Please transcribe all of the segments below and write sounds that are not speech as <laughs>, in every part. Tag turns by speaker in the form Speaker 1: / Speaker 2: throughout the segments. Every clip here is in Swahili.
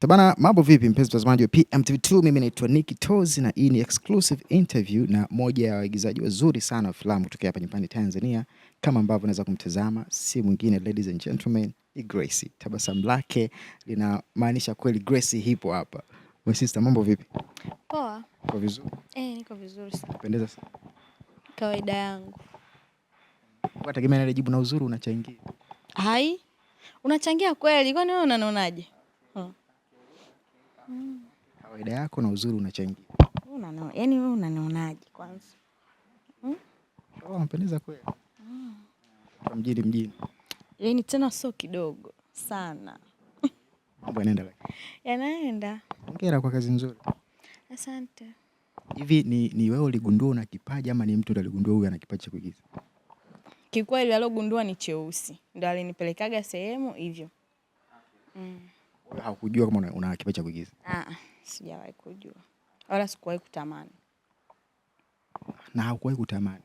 Speaker 1: Tabana, mambo vipi mpenzi mtazamaji wa PMTV2, mimi naitwa Nicky Tozi na hii ni exclusive interview na moja ya waigizaji wazuri sana wa filamu kutoka hapa nyumbani Tanzania, kama ambavyo unaweza kumtazama, si mwingine ladies and gentlemen, ni Grace. Tabasamu lake linamaanisha kweli Grace hipo hapa. My sister, mambo vipi? Poa. Uko vizuri?
Speaker 2: Eh, niko vizuri sana.
Speaker 1: Unapendeza sana.
Speaker 2: Kawaida yangu.
Speaker 1: Kwa tegemea na jibu na uzuri unachangia.
Speaker 2: Hai. Unachangia kweli, kwani wewe unanionaje?
Speaker 1: Kawaida yako na uzuri unachangia.
Speaker 2: Yaani wewe unanionaje kwanza? Hmm?
Speaker 1: Oh, unapendeza kweli. Kwa mjini mjini.
Speaker 2: Yaani tena sio kidogo. Sana.
Speaker 1: Mambo yanaenda lakini.
Speaker 2: Yanaenda.
Speaker 1: Hongera kwa kazi nzuri. Asante. Hivi ni wewe uligundua una kipaji ama ni mtu ndo aligundua huyu ana kipaji cha kuigiza?
Speaker 2: Kikweli alogundua ni Cheusi. ndo alinipelekaga sehemu hivyo.
Speaker 1: Hmm. Hakujua kama una kipaji cha kuigiza?
Speaker 2: Ah, ah, sijawahi kujua wala sikuwahi kutamani.
Speaker 1: Na haukuwahi kutamani?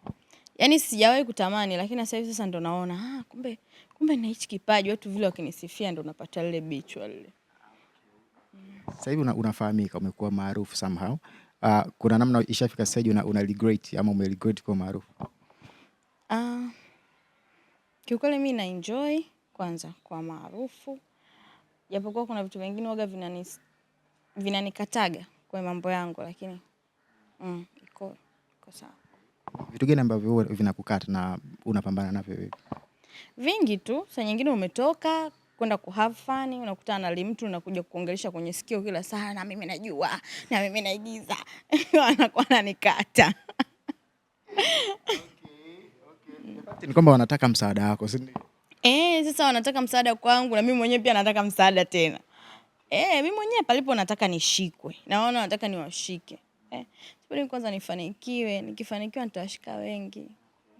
Speaker 2: Yaani sijawahi kutamani, lakini sasa hivi sasa ndo naona ah, kumbe kumbe na hichi kipaji, watu vile wakinisifia ndo napata lile bichwa lile.
Speaker 1: Sasa hivi una, unafahamika umekuwa maarufu somehow. Uh, kuna namna ishafika stage una, una regret ama ume regret kuwa maarufu? Uh,
Speaker 2: kiukweli mi na enjoy kwanza kwa maarufu japokuwa kuna vitu vingine waga vinani vinanikataga kwa mambo yangu, lakini mm, iko iko sawa.
Speaker 1: Vitu gani ambavyo vinakukata na unapambana navyo hivi?
Speaker 2: Vingi tu, saa nyingine umetoka kwenda ku unakutana na limtu unakuja kuongelesha kwenye sikio kila saa, na mimi najua, na mimi naigiza <laughs> anakuwa ananikata okay,
Speaker 1: okay. Ni kwamba wanataka msaada wako, si ndio?
Speaker 2: Eh, sasa wanataka msaada kwangu na mimi mwenyewe pia nataka msaada tena. Eh, mimi mwenyewe palipo nataka nishikwe. Naona nataka niwashike. Eh, sipeni kwanza nifanikiwe, nikifanikiwa nitawashika wengi.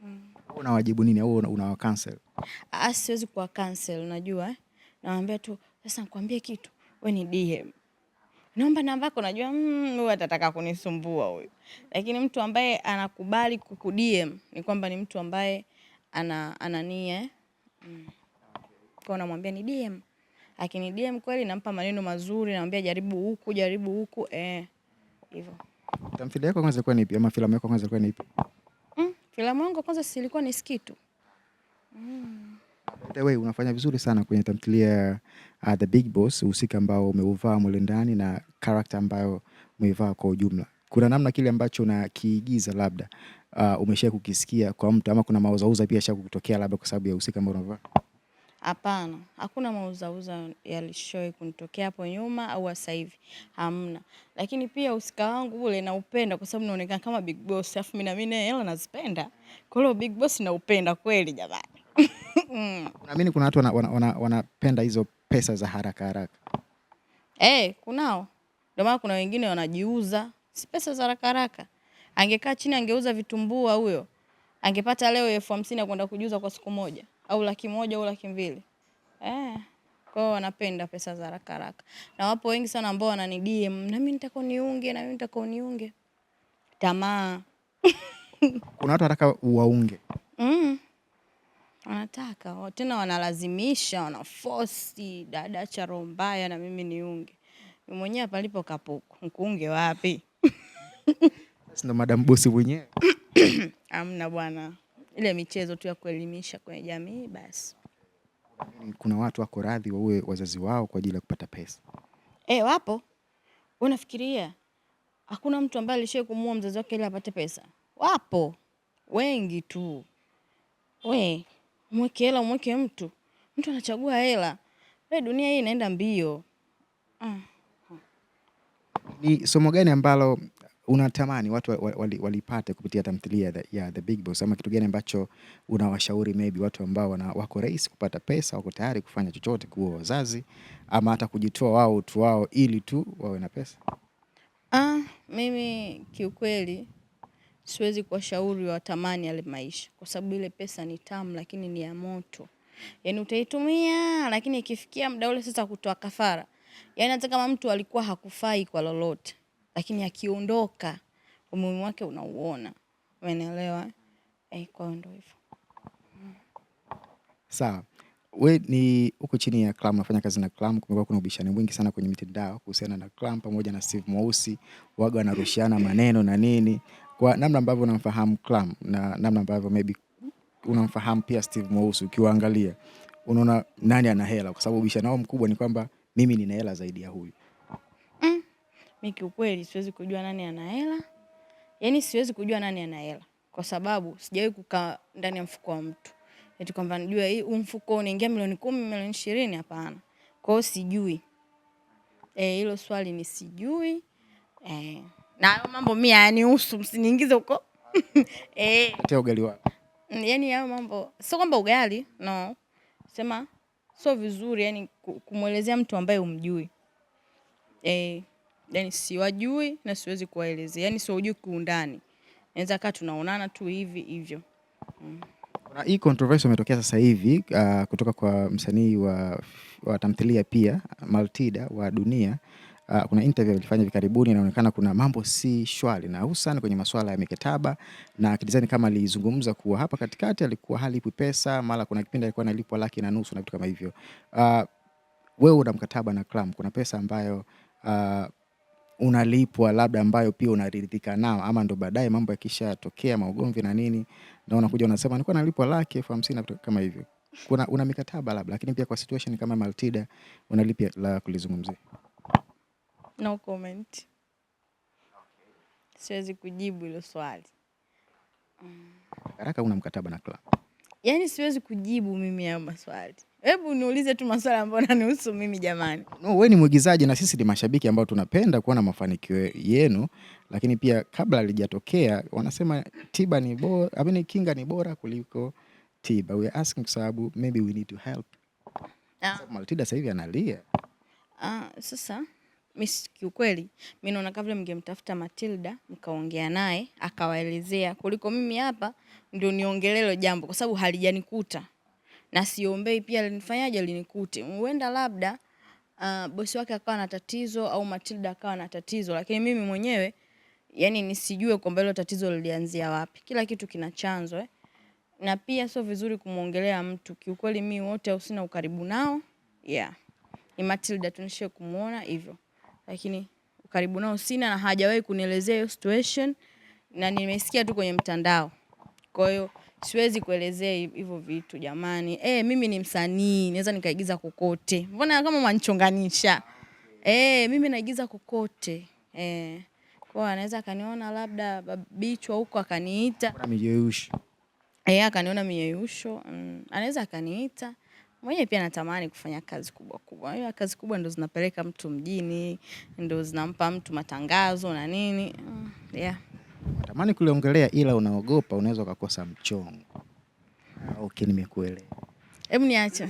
Speaker 2: Mm.
Speaker 1: Unawajibu nini au una cancel?
Speaker 2: Ah, siwezi kuwa cancel, unajua eh. Nawaambia tu, sasa nikwambie kitu, wewe ni DM. Naomba namba yako, najua mmm, huyu atataka kunisumbua huyu. Lakini mtu ambaye anakubali kukudm ni kwamba ni mtu ambaye ana anania eh, kwa namwambia ni DM. Akini DM kweli nampa maneno mazuri, namwambia jaribu huku, jaribu huku eh. Hivyo.
Speaker 1: Tamthilia yako kwanza ilikuwa ni ipi ama filamu yako kwanza ilikuwa ni ipi?
Speaker 2: Mm, filamu yangu kwanza silikuwa ni Skitu.
Speaker 1: Mm. By the way, unafanya vizuri sana kwenye tamthilia uh, The Big Boss, uhusika ambao umeuvaa mule ndani na character ambayo umeivaa kwa ujumla kuna namna kile ambacho unakiigiza labda uh, umesha kukisikia kwa mtu ama kuna mauzauza pia shaku kutokea labda kwa sababu ya usika ambayo unavaa?
Speaker 2: Hapana, hakuna mauzauza yalishowahi kunitokea hapo nyuma au sasa hivi hamna. Lakini pia usika wangu ule naupenda kwa sababu naonekana kama big boss, alafu mimi na mimi hela nazipenda, kwa hiyo big boss naupenda kweli jamani. <laughs>
Speaker 1: Mm. Naamini kuna watu wanapenda wana, wana, wana hizo pesa za haraka haraka.
Speaker 2: Eh, kunao ndio maana kuna wengine wanajiuza si pesa za haraka haraka. Angekaa chini angeuza vitumbua huyo, angepata leo elfu hamsini ya kwenda kujiuza kwa siku moja, au laki moja au laki mbili eh. Kwa hiyo wanapenda pesa za haraka haraka, na wapo wengi sana ambao wanani DM, na mimi nitaka uniunge, na mimi nitaka uniunge. Tamaa
Speaker 1: <laughs> kuna watu wanataka uwaunge
Speaker 2: mm. Wanataka tena, wanalazimisha, wanaforce. Dada, acha roho mbaya, na mimi niunge. Mimi mwenyewe palipo kapuku, nkuunge wapi?
Speaker 1: Ndo madam bosi mwenyewe
Speaker 2: amna bwana, ile michezo tu ya kuelimisha kwenye jamii basi.
Speaker 1: Kuna watu wako radhi waue wazazi wao kwa ajili ya kupata pesa.
Speaker 2: E, wapo. Unafikiria hakuna mtu ambaye alishawahi kumuua mzazi wake ili apate pesa? Wapo wengi tu. We mweke hela, umweke mtu, mtu anachagua hela. We dunia hii inaenda mbio. Ah. ah.
Speaker 1: Ni somo gani ambalo unatamani watu walipate wali, wali kupitia tamthilia ya The Big Boss, ama kitu gani ambacho unawashauri maybe watu ambao wana, wako rahisi kupata pesa, wako tayari kufanya chochote, kuwa wazazi ama hata kujitoa wao utu wao ili tu wawe na pesa?
Speaker 2: Ah, mimi kiukweli siwezi kuwashauri watamani yale maisha, kwa sababu ile pesa ni tamu, lakini ni ya moto. Yani utaitumia, lakini ikifikia muda ule sasa kutoa kafara, yani hata kama mtu alikuwa hakufai kwa lolote lakini akiondoka umuhimu wake unauona, umeelewa? Eh, kwa ndio hivyo.
Speaker 1: Sawa, we ni huko chini ya Clam, nafanya kazi na Clam. Kumekuwa kuna ubishani mwingi sana kwenye mitandao kuhusiana na Clam pamoja na Steve Mweusi, waga wanarushiana maneno na nini, kwa namna ambavyo unamfahamu Clam na namna ambavyo maybe unamfahamu pia Steve Mweusi, ukiwaangalia unaona nani ana hela? Kwa sababu ubishani wao mkubwa ni kwamba mimi nina hela zaidi ya huyu
Speaker 2: mi kiukweli siwezi kujua nani ana hela, yaani siwezi kujua nani ana hela kwa sababu sijawahi kukaa ndani ya mfuko wa mtu eti kwamba najua hii mfuko unaingia milioni kumi, milioni ishirini. Hapana, kwa hiyo sijui eh, hilo e, swali ni sijui e, na hayo mambo mi hayanihusu, msiniingize huko <laughs> e, ugali wako yaani hayo mambo sio kwamba ugali no, sema sio vizuri yani kumwelezea mtu ambaye umjui e yani siwajui na siwezi kuwaelezea, yani siwajui kiundani, naweza kaa tunaonana tu hivi hivyo mm.
Speaker 1: Hii controversy imetokea sasa hivi uh, kutoka kwa msanii wa, wa tamthilia pia Maltida wa Dunia. Uh, kuna interview alifanya vikaribuni, inaonekana kuna mambo si shwari na hususan kwenye masuala ya mikataba, na kidizani kama alizungumza kuwa hapa katikati alikuwa halipwi pesa, mara kuna kipindi alikuwa analipwa laki na nusu na vitu kama hivyo. Uh, wewe una mkataba na Clam, kuna pesa ambayo uh, unalipwa labda ambayo pia unaridhika nao, ama ndo baadaye mambo yakishatokea maugomvi na nini, na unakuja unasema nilikuwa nalipwa laki elfu hamsini kama hivyo. Kuna una mikataba labda, lakini pia kwa situation kama Maltida unalipia la kulizungumzia?
Speaker 2: No comment. Siwezi kujibu hilo swali.
Speaker 1: Haraka, una mkataba na club?
Speaker 2: Yani siwezi kujibu mimi ya maswali. Hebu niulize tu maswali ambayo nanihusu mimi jamani.
Speaker 1: No, wewe ni mwigizaji na sisi ni mashabiki ambao tunapenda kuona mafanikio yenu, lakini pia kabla alijatokea wanasema tiba ni bora, I mean kinga ni bora kuliko tiba. We are asking kwa sababu maybe we need to help. Yeah. Maltida sasa hivi analia.
Speaker 2: Ah, sasa Miss, kiukweli mimi naona kabla mngemtafuta Matilda mkaongea naye akawaelezea kuliko mimi hapa ndio niongelelo jambo kwa sababu halijanikuta na siombei pia linifanyaje, linikute. Huenda labda uh, bosi wake akawa na tatizo au Matilda akawa na tatizo, lakini mimi mwenyewe yani nisijue kwamba hilo tatizo lilianzia wapi. Kila kitu kina chanzo eh? na pia sio vizuri kumwongelea mtu kiukweli. Mi wote au sina ukaribu nao yeah. Ni Matilda tunishie kumuona hivyo, lakini ukaribu nao sina na hajawahi kunielezea hiyo situation, na nimesikia tu kwenye mtandao, kwa hiyo siwezi kuelezea hivyo vitu jamani. E, mimi ni msanii, naweza nikaigiza kokote. Mbona kama mwanichonganisha? E, eh, mimi naigiza kokote e. Kwa anaweza akaniona labda babichwa huko akaniita e, akaniona miyeusho mm, anaweza akaniita mwenye pia natamani kufanya kazi kubwa kubwa. Hiyo kazi kubwa ndo zinapeleka mtu mjini, ndo zinampa mtu matangazo na nini. Mm, yeah.
Speaker 1: Natamani kuliongelea ila unaogopa, unaweza ukakosa mchongo. Ah, okay, nimekuelewa.
Speaker 2: Hebu niache.